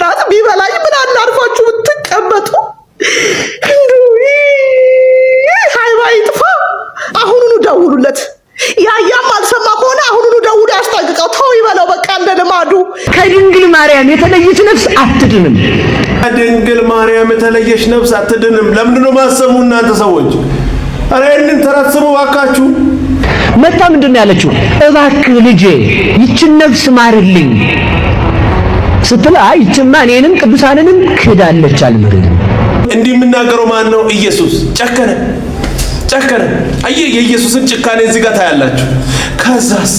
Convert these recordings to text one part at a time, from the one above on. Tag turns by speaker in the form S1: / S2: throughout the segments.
S1: ቅጣት ቢበላኝ ምን አላርፋችሁ ብትቀመጡ። እንዲሁ ይጥፋ። አሁኑኑ ደውሉለት። ያያም አልሰማ ከሆነ አሁኑኑ ደውሉ፣ ያስጠንቅቀው። ተው ይበለው በቃ፣ እንደ ልማዱ። ከድንግል ማርያም የተለየች ነፍስ አትድንም። ከድንግል ማርያም የተለየች ነፍስ አትድንም። ለምንድነው ማሰሙ እናንተ ሰዎች? ኧረ ይህንን ተረት ስሙ መታ ምንድን ነው ያለችው? እባክህ ልጄ ይችን ነፍስ ማርልኝ ስትል አይ ይችማ እኔንም ቅዱሳንንም ክዳለች አልምርልም። እንዲህ የምናገረው ማን ነው? ኢየሱስ ጨከነ ጨከነ። አየ የኢየሱስን ጭካኔ እዚህ ጋር ታያላችሁ። ከዛስ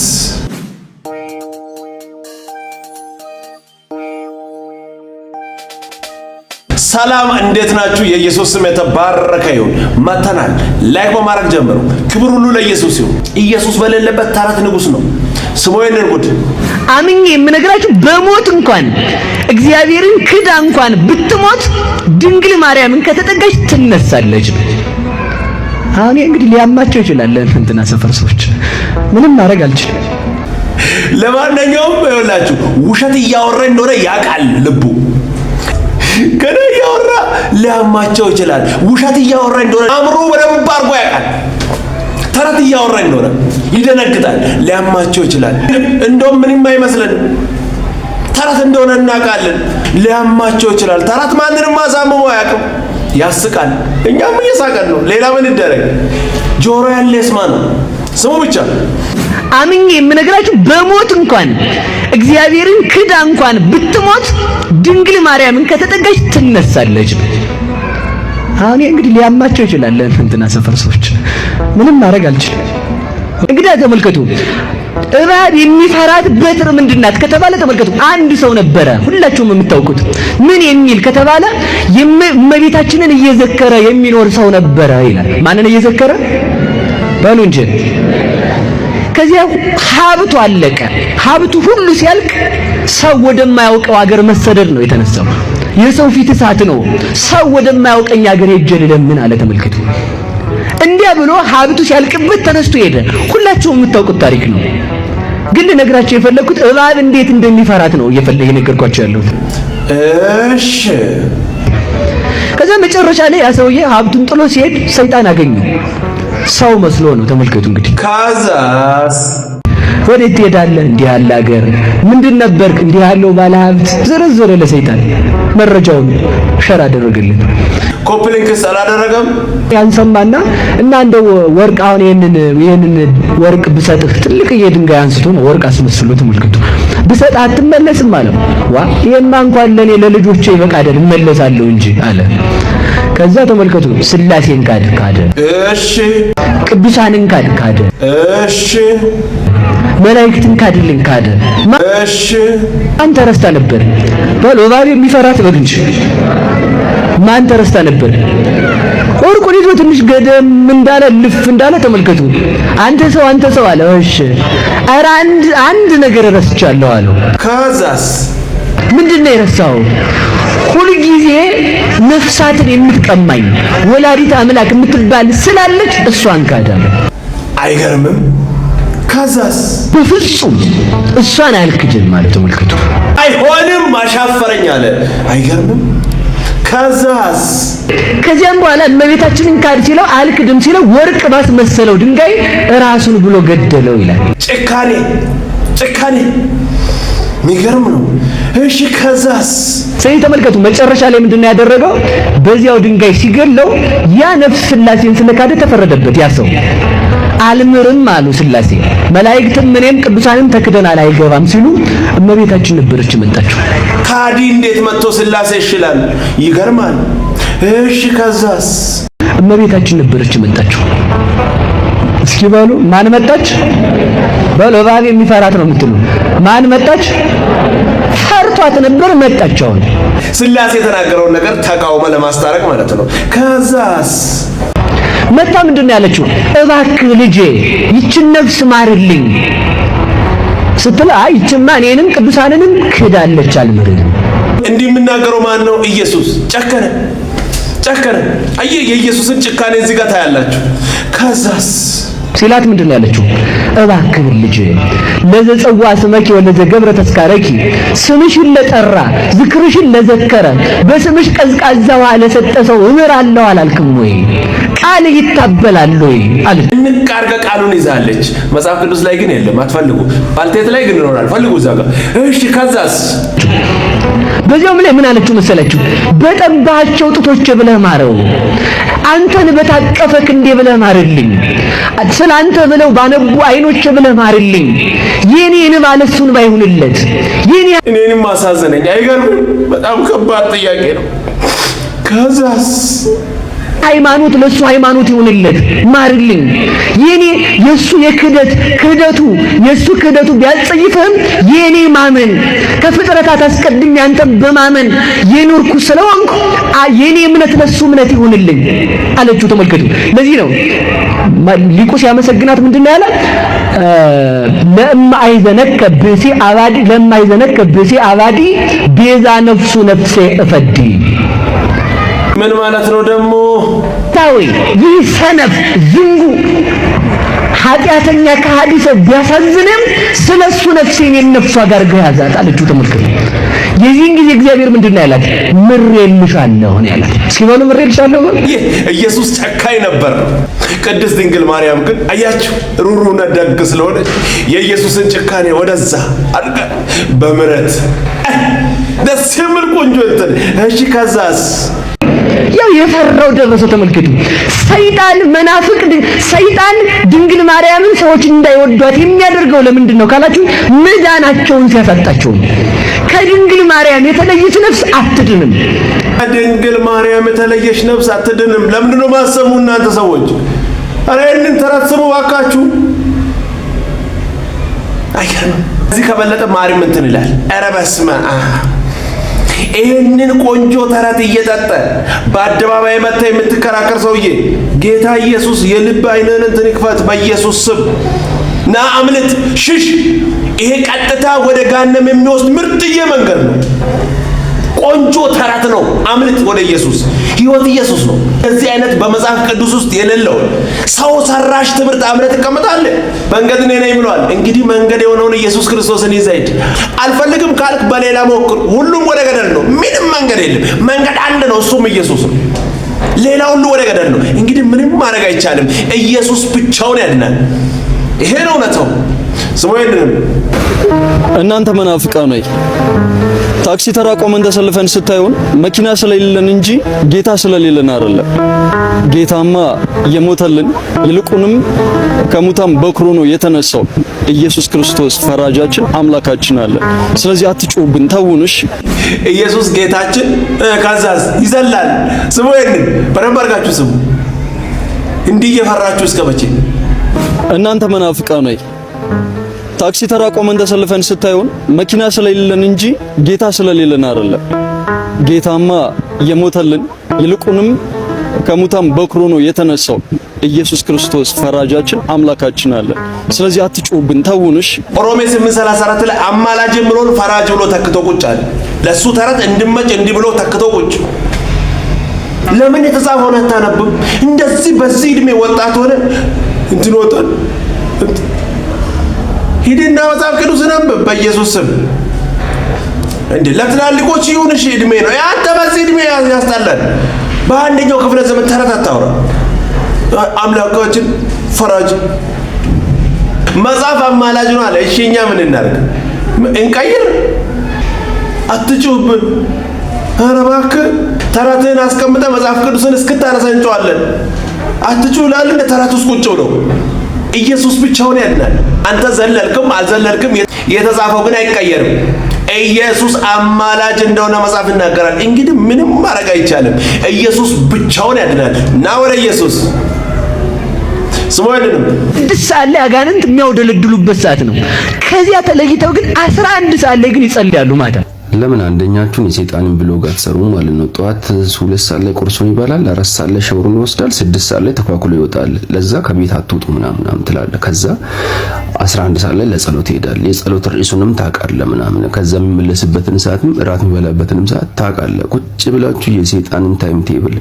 S1: ሰላም እንዴት ናችሁ? የኢየሱስ ስም የተባረከ ይሁን። መተናል ላይክ በማድረግ ጀምሩ። ክብር ሁሉ ለኢየሱስ ይሁን። ኢየሱስ በሌለበት ተረት ንጉሥ ነው ስሙ ይንርጉድ አምኜ የምነግራችሁ በሞት እንኳን እግዚአብሔርን ክዳ እንኳን ብትሞት ድንግል ማርያምን ከተጠጋች ትነሳለች። አሁን እንግዲህ ሊያማቸው ይችላል። እንትና ሰፈር ሰዎች ምንም ማድረግ አልችልም። ለማንኛውም ይኸውላችሁ ውሸት እያወራ እንደሆነ ያውቃል ልቡ ገና እያወራ ሊያማቸው ይችላል። ውሸት እያወራ እንደሆነ አእምሮ በደንብ አድርጎ ያውቃል። ተረት እያወራ እንደሆነ ይደነግጣል፣ ሊያማቸው ይችላል። እንደውም ምንም አይመስለን ተረት እንደሆነ እናውቃለን፣ ሊያማቸው ይችላል። ተረት ማንንም አሳምሞ አያውቅም። ያስቃል፣ እኛም እየሳቀን ነው። ሌላ ምን ይደረግ? ጆሮ ያለ ይስማ ነው ስሙ ብቻ። አምኜ የምነግራችሁ በሞት እንኳን እግዚአብሔርን ክዳ እንኳን ብትሞት ድንግል ማርያምን ከተጠጋች ትነሳለች። አሁን እንግዲህ ሊያማቸው ይችላል ለእንትና ሰፈር ሰዎች ምንም ማድረግ አልችልም። እንግዲህ ተመልከቱ፣ እባብ የሚፈራት በትር ምንድናት ከተባለ ተመልከቱ፣ አንድ ሰው ነበረ ሁላችሁም የምታውቁት ምን የሚል ከተባለ እመቤታችንን እየዘከረ የሚኖር ሰው ነበረ ይላል። ማንን እየዘከረ በሉ እንጂ ከዚያ ሀብቱ አለቀ። ሀብቱ ሁሉ ሲያልቅ ሰው ወደማያውቀው አገር መሰደድ ነው የተነሳው። የሰው ፊት እሳት ነው። ሰው ወደማያውቀኝ አገር ሄጄ ልለምን አለ። ተመልከቱ እንዲያ ብሎ ሀብቱ ሲያልቅበት ተነስቶ ሄደ። ሁላችሁም የምታውቁት ታሪክ ነው። ግን ልነግራቸው የፈለግኩት እባብ እንዴት እንደሚፈራት ነው እየነገርኳቸው ያለሁት። እሺ። ከዛ መጨረሻ ላይ ያ ሰውዬ ሀብቱን ጥሎ ሲሄድ ሰይጣን አገኘው። ሰው መስሎ ነው። ተመልከቱ እንግዲህ ከዛስ ወዴት ትሄዳለህ? እንዲህ ያለ ሀገር ምንድን ነበርክ? እንዲህ ያለው ባለሀብት ዝርዝር ለሰይጣን መረጃውን ሸር አደረገልን። ኮፕሊንክስ አላደረገም ያንሰማና እና እንደው ወርቅ አሁን ይሄንን ይሄንን ወርቅ ብሰጥህ ትልቅ የድንጋይ አንስቶ ነው ወርቅ አስመስሎ ተመልክቶ ብሰጥ አትመለስም አለው። ዋ ይሄማ እንኳን ለኔ ለልጆቼ ይበቃደል አይደል እመለሳለሁ እንጂ አለ። ከዛ ተመልከቱ ስላሴን ካድ ካደ። እሺ ቅዱሳንን ካድ ካደ። እሺ መላእክትን ካድልን ካደ። እሺ አንተ ረስታ ነበር በል እባብ የሚፈራት በግ እንጂ ማን ተረስታ ነበር? ቁርቁር ይዞ ትንሽ ገደም እንዳለ ልፍ እንዳለ ተመልከቱ። አንተ ሰው አንተ ሰው አለ። እሺ ኧረ አንድ አንድ ነገር ረስቻለሁ አለ። ከዛስ ምንድን ነው የረሳው? ሁልጊዜ ነፍሳትን የምትቀማኝ ወላዲት አምላክ የምትባል ስላለች እሷን ካዳለ። አይገርምም? ከዛስ በፍጹም እሷን አልክድም ማለት ተመልክቱ። አይሆንም አሻፈረኝ አለ። አይገርምም? ከዛስ ከዚያም በኋላ እመቤታችንን ካድ ሲለው አልክድም ሲለው ወርቅ ባስመሰለው ድንጋይ ራሱን ብሎ ገደለው ይላል። ጭካኔ ጭካኔ የሚገርም ነው። እሺ ከዛስ ስለዚህ ተመልከቱ፣ መጨረሻ ላይ ምንድነው ያደረገው? በዚያው ድንጋይ ሲገለው ያ ነፍስ ሥላሴን ስለካደ ተፈረደበት ያ ሰው አልምርም አሉ ስላሴ መላእክትም እኔም ቅዱሳንም ተክደናል አይገባም ሲሉ እመቤታችን ነበረች መጣችው። ካዲ እንዴት መጥቶ ስላሴ ይሽላል? ይገርማል። እሺ ከዛስ? እመቤታችን ነበረች መጣችው። እስኪ በሉ ማን መጣች? በሉ እባብ የሚፈራት ነው የምትሉ ማን መጣች? ፈርቷት ነበር መጣች። ስላሴ የተናገረውን ነገር ተቃውሞ ለማስታረቅ ማለት ነው። ከዛስ መጣ። ምንድን ነው ያለችው? እባክህ ልጄ ይችን ነፍስ ማርልኝ ስትል፣ አይ ይችማ እኔንም ቅዱሳንንም ክዳለች አልምርም። እንዲህ የምናገረው ማን ነው? ኢየሱስ ጨከነ፣ ጨከነ። አየህ፣ የኢየሱስን ጭካኔ እዚህ ጋር ታያላችሁ። ከዛስ ሲላት ምንድን ነው ያለችው? እባክህ ልጄ ለዘጸዋ ስመኪ ወለዘ ገብረ ተስካረኪ፣ ስምሽን ለጠራ ዝክርሽን ለዘከረ በስምሽ ቀዝቃዛዋ ለሰጠ ሰው አለው አላልክም ወይ? ቃል ይታበላል ወይ አለ ድንቅ አድርጋ ቃሉን ይዛለች። መጽሐፍ ቅዱስ ላይ ግን የለም። አትፈልጉ። ባልቴት ላይ ግን ይኖራል። ፈልጉ እዛ ጋር። እሺ፣ ከዛስ በዚያውም ላይ ምን አለችው መሰለችው? በጠባቸው ጡቶቼ ብለህ ማረው፣ አንተን በታቀፈ ክንዴ ብለህ ማርልኝ፣ ስለ አንተ ብለው ባነቡ አይኖቼ ብለህ ማርልኝ። የኔን ማለሱን ባይሆንለት የኔ እኔንም ማሳዘነኝ አይገርም። በጣም ከባድ ጥያቄ ነው። ከዛስ ሃይማኖት ለሱ ሃይማኖት ይሁንልህ፣ ማርልኝ። የኔ የሱ የክደት ክደቱ የሱ ክደቱ ቢያጸይፍህም የኔ ማመን ከፍጥረታት አስቀድሜ አንተ በማመን የኖርኩ ስለሆንኩ የኔ እምነት ለሱ እምነት ይሁንልኝ አለችው። ተመልከቱ። ለዚህ ነው ሊቁ ሲያመሰግናት ምንድን ነው ያለ? አይዘነከ ብእሲ አባዲ አይዘነከ ብእሲ አባዲ ቤዛ ነፍሱ ነፍሴ እፈዲ ምን ማለት ነው ደግሞ? ታዊ ይህ ሰነፍ ዝንጉ ኃጢአተኛ ከሃዲ ሰው ቢያሳዝንም ስለ እሱ ነፍሴን የነፍሱ አጋርጋ ያዛት አለችው። ተመልከቱ። የዚህን ጊዜ እግዚአብሔር ምንድን ነው ያላት? ምሬልሻለሁ ነው ያላት። እስኪ በሉ ምሬልሻለሁ። ኢየሱስ ጨካኝ ነበር። ቅድስት ድንግል ማርያም ግን አያችሁ ሩሩና ደግ ስለሆነች የኢየሱስን ጭካኔ ወደዛ አድርገ በምረት ደስ የሚል ቆንጆ እንትን እሺ ከዛስ ያው የፈራው ደረሰው። ተመልከቱ። ሰይጣን መናፍቅ፣ ሰይጣን ድንግል ማርያምን ሰዎች እንዳይወዷት የሚያደርገው ለምንድን ነው ካላችሁ መዳናቸውን ሲያሳጣቸው ከድንግል ማርያም የተለየች ነፍስ አትድንም። ከድንግል ማርያም የተለየች ነፍስ አትድንም። ለምንድን ነው ማሰቡ? እናንተ ሰዎች አረ ይህንን ተረት ስሙ እባካችሁ። እዚህ ከበለጠ ማርያም እንትን ይላል። ኧረ በስመ አብ ይህንን ቆንጆ ተረት እየጠጠ በአደባባይ መታ የምትከራከር ሰውዬ ጌታ ኢየሱስ የልብ ዓይንህን እንትን ይክፈት፣ በኢየሱስ ስም ና፣ አምልጥ፣ ሽሽ። ይሄ ቀጥታ ወደ ጋነም የሚወስድ ምርጥዬ መንገድ ነው። ቆንጆ ተረት ነው። አምልጥ ወደ ኢየሱስ። ህይወት ኢየሱስ ነው። እዚህ አይነት በመጽሐፍ ቅዱስ ውስጥ የሌለውን ሰው ሰራሽ ትምህርት አምነት ትቀምጣለህ። መንገድ እኔ ነኝ ብሏል። እንግዲህ መንገድ የሆነውን ኢየሱስ ክርስቶስን ይዘህ ሂድ። አልፈልግም ካልክ በሌላ ሞክር። ሁሉም ወደ ገደል ነው። ምንም መንገድ የለም። መንገድ አንድ ነው፣ እሱም ኢየሱስ ነው። ሌላ ሁሉ ወደ ገደል ነው። እንግዲህ ምንም ማድረግ አይቻልም። ኢየሱስ ብቻውን ያድናል። ይሄ ነው እውነታው። ስሙ የለንም። እናንተ መናፍቃ ነይ ታክሲ ተራ ቆመን ተሰልፈን ስታዩን መኪና ስለሌለን እንጂ ጌታ ስለሌለን አይደለም። ጌታማ የሞተልን ይልቁንም ከሙታን በኩሮ ነው የተነሳው። ኢየሱስ ክርስቶስ ፈራጃችን አምላካችን አለ። ስለዚህ አትጮህብን፣ ተውንሽ ኢየሱስ ጌታችን ካዛዝ ይዘላል። ስሙ ይሄንን በደንብ አድርጋችሁ ስሙ። እንዲህ እየፈራችሁ እስከ መቼ እናንተ መናፍቃ ነይ ታክሲ ተራ ቆመን ተሰልፈን ስታዩን መኪና ስለሌለን እንጂ ጌታ ስለሌለን አይደለም። ጌታማ የሞተልን ይልቁንም ከሙታን በኩር ነው የተነሳው ኢየሱስ ክርስቶስ ፈራጃችን አምላካችን አለ። ስለዚህ አትጩብን ተውንሽ። ሮሜ 8:34 ላይ አማላጅም ብሎን ፈራጅ ብሎ ተክቶ ቁጭ አለ። ለሱ ተረት እንድመጭ እንዲህ ብሎ ተክቶ ቁጭ ለምን የተጻፈውን አታነብም? እንደዚህ በዚህ እድሜ ወጣት ሆነ እንትን ወጣን ሂድና መጽሐፍ ቅዱስን አንብብ በኢየሱስ ስም። እንዴ ለትላልቆች ይሁን እሺ፣ እድሜ ነው ያንተ። በዚህ እድሜ ያስጠላል። በአንደኛው ክፍለ ዘመን ተረት አታውራ። አምላካችን ፈራጅ መጽሐፍ አማላጅ ነው አለ። እሺ እኛ ምን እናድርግ? እንቀይር። አትጩህብን። ኧረ እባክህ ተረትህን አስቀምጠ መጽሐፍ ቅዱስን እስክታነሳ እንጨዋለን። አትጩህ ላል እንደ ተረት ውስጥ ቁጭ ብለው ኢየሱስ ብቻውን ያድናል። አንተ ዘለልክም አልዘለልክም የተጻፈው ግን አይቀየርም። ኢየሱስ አማላጅ እንደሆነ መጽሐፍ ይናገራል። እንግዲህ ምንም ማድረግ አይቻልም። ኢየሱስ ብቻውን ያድናል። ና ወደ ኢየሱስ ስሙ ስድስት ሰዓት ላይ አጋንንት የሚያውደለድሉበት ሰዓት ነው። ከዚያ ተለይተው ግን አስራ አንድ ሰዓት ላይ ግን ይጸልያሉ ማለት ነው። ለምን አንደኛችሁን የሰይጣንን ብሎግ አትሰሩም ማለት ነው። ጠዋት ሁለት ሰዓት ላይ ቁርሱን ይበላል፣ አራት ሰዓት ላይ ሸውሩን ይወስዳል፣ ስድስት ሰዓት ላይ ተኳኩሎ ይወጣል። ለዛ ከቤት አትውጡ ምናምን ትላለህ። ከዛ 11 ሰዓት ላይ ለጸሎት ይሄዳል። የጸሎት ርዕሱንም ታውቃለህ ምናምን። ከዛ የሚመለስበትን ሰዓትም እራት የሚበላበትንም ሰዓት ታውቃለህ። ቁጭ ብላችሁ የሰይጣንን ታይም ቴብል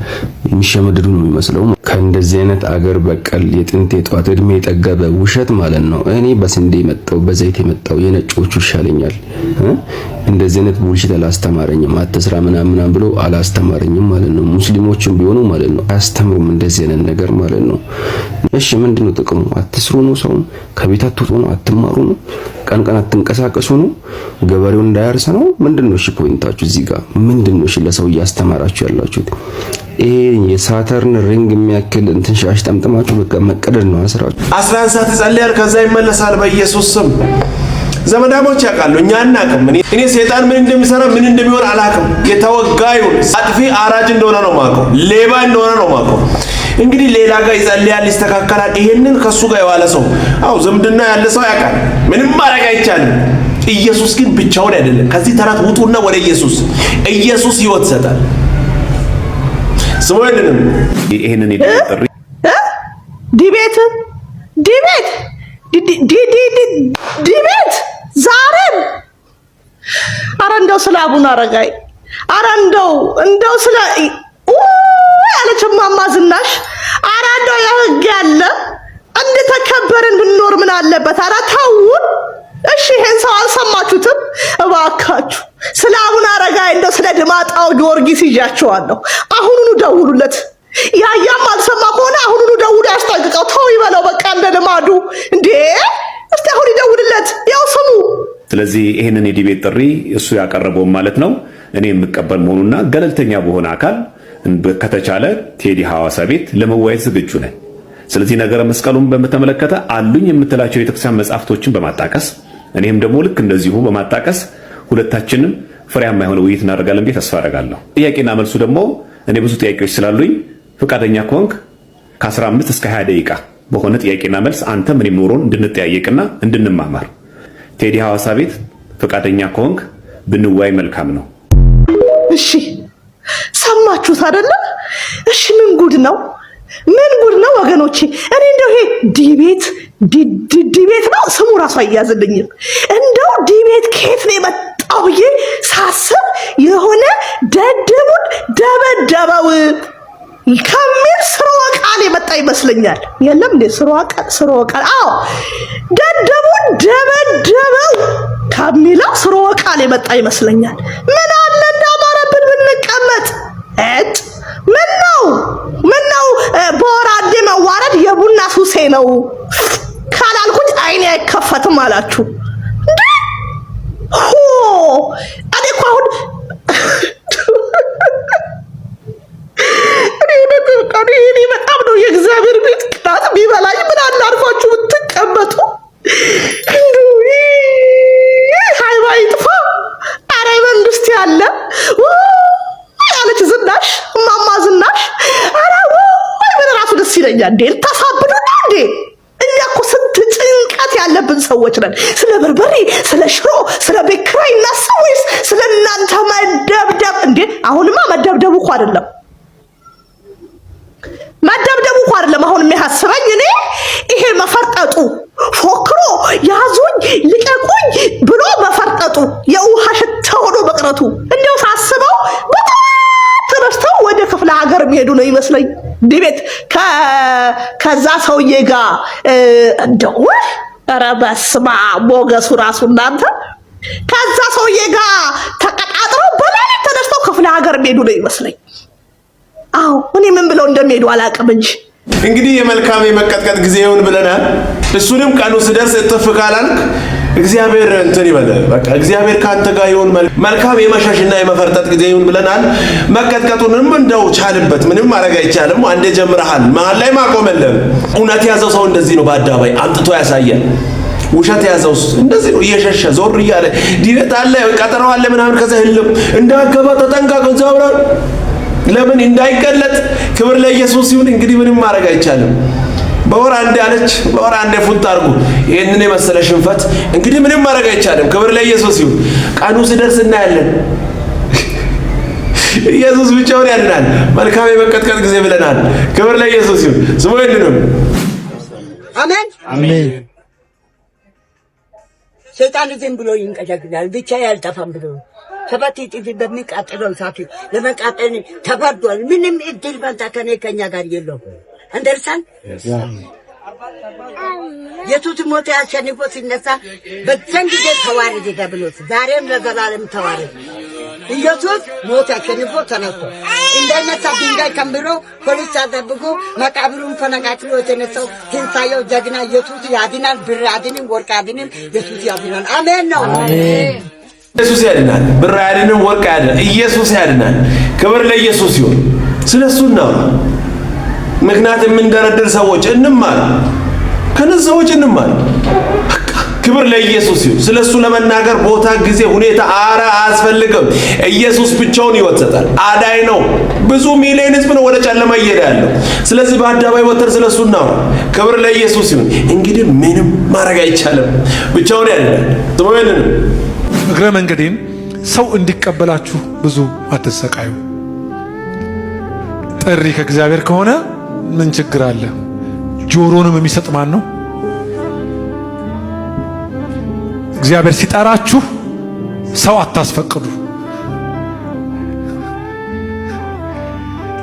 S1: የሚሸመድዱ ነው የሚመስለው። ከእንደዚህ አይነት አገር በቀል የጥንት የጠዋት እድሜ የጠገበ ውሸት ማለት ነው። እኔ በስንዴ መጣው በዘይት የመጣው የነጮቹ ይሻለኛል። እንደዚህ አይነት ቡልሽት አላስተማረኝም። አትስራ ምናምናም ብሎ አላስተማረኝም ማለት ነው። ሙስሊሞችም ቢሆኑ ማለት ነው አያስተምሩም እንደዚህ አይነት ነገር ማለት ነው። እሺ ምንድነው ጥቅሙ? አትስሩ ነው ሰው ከቤት አትውጡ ነው አትማሩ ነው ቀን ቀን አትንቀሳቀሱ ነው? ገበሬው እንዳያርስ ነው? ምንድን ነው ፖይንታችሁ እዚህ ጋር ምንድነው? እሺ ለሰው እያስተማራችሁ ያላችሁት ይሄ የሳተርን ሪንግ የሚያክል እንትን ሻሽ ጠምጥማችሁ በቃ መቀደድ ነው ስራችሁ። 11 ሰዓት ይጸልያል፣ ከዛ ይመለሳል። በኢየሱስ ስም ዘመዳሞች ያውቃሉ፣ እኛ አናውቅም። እኔ ሰይጣን ምን እንደሚሰራ ምን እንደሚሆን አላውቅም። የተወጋዩ አጥፊ አራጅ እንደሆነ ነው የማውቀው፣ ሌባ እንደሆነ ነው የማውቀው። እንግዲህ ሌላ ጋር ይጸልያል፣ ይስተካከላል። ይሄንን ከሱ ጋር የዋለ ሰው አው ዝምድና ያለ ሰው ያውቃል። ምንም ማድረግ አይቻልም። ኢየሱስ ግን ብቻውን አይደለም። ከዚህ ተረት ውጡና ወደ ኢየሱስ። ኢየሱስ ህይወት ይሰጣል። ስሞይልንም ይሄንን ይደጥሪ ዲቤት ዲቤት ዲቤት ዛሬም አረ እንደው ስለ አቡነ አረጋይ አረ እንደው እንደው ስለ ያለች ማማ ዝናሽ እንደው የህግ ያለ እንደተከበርን ብንኖር ምን አለበት? ኧረ ተውን። እሺ ይሄን ሰው አልሰማችሁትም? እባካችሁ ስለ አቡነ አረጋዊ እንደው ስለ ድማጣው ጊዮርጊስ ይዣቸዋለሁ። አሁኑኑ ደውሉለት። ያያም አልሰማ ከሆነ አሁኑኑ ደውሉ፣ ያስጠንቅቀው። ተው ይበለው በቃ እንደ ልማዱ እንዴ። እስቲ አሁን ይደውልለት፣ ያው ስሙ። ስለዚህ ይህንን የዲቤት ጥሪ እሱ ያቀረበውን ማለት ነው እኔ የምቀበል መሆኑና ገለልተኛ በሆነ አካል ከተቻለ ቴዲ ሐዋሳ ቤት ለመወያየት ዝግጁ ነን። ስለዚህ ነገረ መስቀሉን በተመለከተ አሉኝ የምትላቸው የቤተክርስቲያን መጽሐፍቶችን በማጣቀስ እኔም ደግሞ ልክ እንደዚሁ በማጣቀስ ሁለታችንም ፍሬያማ የሆነ ውይይት እናደርጋለን ብዬ ተስፋ አደርጋለሁ። ጥያቄና መልሱ ደግሞ እኔ ብዙ ጥያቄዎች ስላሉኝ ፈቃደኛ ከሆንክ ከ15 እስከ 20 ደቂቃ በሆነ ጥያቄና መልስ አንተ ምን ኖሮን እንድንጠያየቅና እንድንማማር ቴዲ ሐዋሳ ቤት ፈቃደኛ ከሆንክ ብንወያይ መልካም ነው። እሺ ሰማችሁት አደለ? እሺ ምን ጉድ ነው? ምን ጉድ ነው ወገኖቼ? እኔ እንደው ይሄ ዲቤት ዲቤት ነው ስሙ ራሱ አያዝልኝም። እንደው ዲቤት ከየት ነው የመጣው ብዬ ሳስብ የሆነ ደደቡን ደበደበው ከሚል ስርወ ቃል የመጣ ይመስለኛል። የለም እንዴ ስርወ ቃል ስርወ ቃል አዎ፣ ደደቡን ደበደበው ከሚለው ስርወ ቃል የመጣ ይመስለኛል። ምን አለ እንዳማረብን ብንቀመጥ እጭ ምን ነው ምን ነው በወራዴ መዋረድ የቡና ሱሴ ነው ካላልኩኝ አይኔ አይከፈትም አላችሁ። እኛ እንዴ ልታሳብዱና እንዴ? እኛ እኮ ስንት ጭንቀት ያለብን ሰዎች ነን። ስለ በርበሬ፣ ስለ ሽሮ፣ ስለ ቤት ኪራይ እናስብ ወይስ ስለ እናንተ መደብደብ? እንዴ አሁንማ መደብደቡ እኮ አይደለም መደብደቡ እኮ አይደለም አሁን የሚያስበኝ እኔ ይሄ መፈርጠጡ ፎክሮ ያዙኝ ልቀቁኝ ብሎ መፈርጠጡ የውሃ ሽታ ሆኖ መቅረቱ እንደው ሳስበው በጣም ወደ ክፍለ ሀገር የሚሄዱ ነው ይመስለኝ። ዲቤት ከዛ ሰውዬ ጋር እንደው ኧረ በስመ አብ ሞገሱ ራሱ እናንተ ከዛ ሰውዬ ጋር ተቀጣጥረው በሌሊት ተነስተው ክፍለ ሀገር የሚሄዱ ነው ይመስለኝ። አዎ እኔ ምን ብለው እንደሚሄዱ አላውቅም እንጂ እንግዲህ የመልካም የመቀጥቀጥ ጊዜ ብለናል። እሱንም ቀኑ ስደርስ እጥፍ ካላልክ እግዚአብሔር እንትን ይበል። በቃ እግዚአብሔር ካንተ ጋር ይሁን። መልካም የመሸሽና የመፈርጠጥ ጊዜ ይሁን ብለናል። መቀጥቀጡንም እንደው ቻልበት። ምንም ማድረግ አይቻልም። አንዴ ጀምረሃል፣ መሀል ላይ ማቆም የለም። እውነት የያዘው ሰው እንደዚህ ነው። በአደባባይ አምጥቶ ያሳያል። ውሸት የያዘው እንደዚህ ነው። እየሸሸ ዞር እያለ ዲነት አለ፣ ቀጠሮ አለ ምናምን። ከዛ ህልም እንዳገባ ተጠንቀቅ። ለምን እንዳይገለጥ። ክብር ለኢየሱስ ይሁን። እንግዲህ ምንም ማድረግ አይቻልም። በወር አንዴ አለች። በወር አንዴ ፉንት አድርጉ። ይህንን የመሰለ ሽንፈት እንግዲህ ምንም ማድረግ አይቻልም። ክብር ለኢየሱስ ይሁን። ቀኑ ሲደርስ እናያለን። ኢየሱስ ብቻውን ያድናል። መልካም የመቀጥቀጥ ጊዜ ብለናል። ክብር ለኢየሱስ ይሁን። ስሙ ይንንም አሜን አሜን። ሰይጣን ዝም ብሎ ይንቀጠቅጣል፣ ብቻ ያልጠፋም ብሎ ሰባት እጥፍ በሚቃጠለው ሳፊ ለመቃጠል ተፈርዷል። ምንም እድል ፈንታ ከኔ ከኛ ጋር የለው አንደርስታንድ የቱት ሞት አሸንፎ ሲነሳ በዛን ጊዜ ተዋረደ ተብሎት ዛሬም ለዘላለም ተዋረደ። ኢየሱስ ሞት አሸንፎ ተነስቶ እንዳይነሳ ድንጋይ ከምብሎ ፖሊስ አጠብቆ መቃብሩን ፈነቃቅሎ የተነሳው ትንሳኤው ጀግና ኢየሱስ ያድናል። ብር አድንም፣ ወርቅ አድንም፣ ኢየሱስ ያድናል። አሜን ነው። ኢየሱስ ያድናል። ብር አድንም፣ ወርቅ አድንም፣ ኢየሱስ ያድናል። ክብር ለኢየሱስ ይሁን። ስለሱ ነው። ምክንያት የምንደረድር ሰዎች እንማር፣ ከነዚህ ሰዎች እንማር። ክብር ለኢየሱስ ይሁን። ስለ እሱ ለመናገር ቦታ፣ ጊዜ፣ ሁኔታ አረ አያስፈልግም። ኢየሱስ ብቻውን ሕይወት ይሰጣል። አዳኝ ነው። ብዙ ሚሊዮን ሕዝብ ነው ወደ ጨለማ እየሄደ ያለው። ስለዚህ በአደባባይ ወተር ስለ እሱ እናውራ። ክብር ለኢየሱስ ይሁን። እንግዲህ ምንም ማድረግ አይቻልም። ብቻውን ያድናል። ዘመንን እግረ መንገዴን ሰው እንዲቀበላችሁ ብዙ አትሰቃዩ። ጥሪ ከእግዚአብሔር ከሆነ ምን ችግር አለ? ጆሮንም የሚሰጥ ማን ነው? እግዚአብሔር ሲጠራችሁ ሰው አታስፈቅዱ።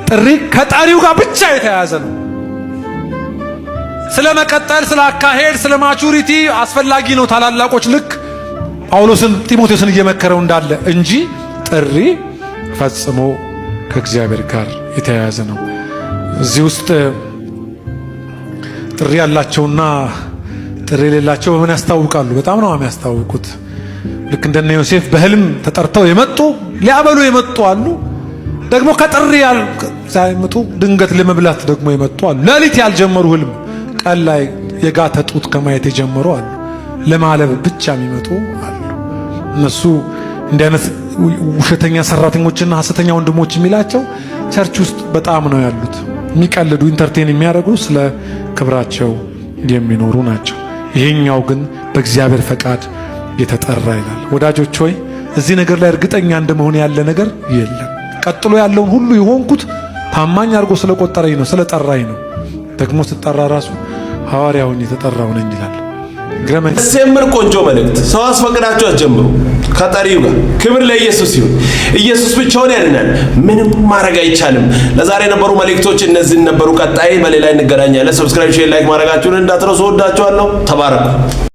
S1: ጥሪ ከጠሪው ጋር ብቻ የተያያዘ ነው። ስለ መቀጠል፣ ስለ አካሄድ፣ ስለ ማቹሪቲ አስፈላጊ ነው። ታላላቆች ልክ ጳውሎስን ጢሞቴዎስን እየመከረው እንዳለ እንጂ ጥሪ ፈጽሞ ከእግዚአብሔር ጋር የተያያዘ ነው። እዚህ ውስጥ ጥሪ ያላቸውና ጥሪ የሌላቸው በምን ያስታውቃሉ? በጣም ነው የሚያስታውቁት። ልክ እንደነ ዮሴፍ በህልም ተጠርተው የመጡ ሊያበሉ የመጡ አሉ። ደግሞ ከጥሪ ሳይመጡ ድንገት ለመብላት ደግሞ የመጡ አሉ። ሌሊት ያልጀመሩ ህልም ቀን ላይ የጋተ ጡት ከማየት የጀመሩ አሉ። ለማለብ ብቻ የሚመጡ አሉ። እነሱ እንዲህ አይነት ውሸተኛ ሰራተኞችና ሀሰተኛ ወንድሞች የሚላቸው ቸርች ውስጥ በጣም ነው ያሉት። የሚቀልዱ ኢንተርቴን የሚያደርጉ ስለ ክብራቸው የሚኖሩ ናቸው። ይሄኛው ግን በእግዚአብሔር ፈቃድ የተጠራ ይላል። ወዳጆች ሆይ እዚህ ነገር ላይ እርግጠኛ እንደመሆን ያለ ነገር የለም። ቀጥሎ ያለውን ሁሉ የሆንኩት ታማኝ አድርጎ ስለቆጠረኝ ነው፣ ስለጠራኝ ነው። ደግሞ ስጠራ ራሱ ሐዋርያውን የተጠራው ነኝ ይላል። ግረመ ቆንጆ መልእክት ሰው አስፈቅዳቸው አትጀምሩ። ከጠሪው ጋር ክብር ለኢየሱስ ይሁን። ኢየሱስ ብቻውን ያድናል። ምንም ማድረግ አይቻልም። ለዛሬ የነበሩ መልእክቶች እነዚህን ነበሩ። ቀጣይ በሌላ እንገናኛለን። ሰብስክራይብ፣ ሼር፣ ላይክ ማድረጋችሁን እንዳትረሱ። ወዳችኋለሁ። ተባረኩ።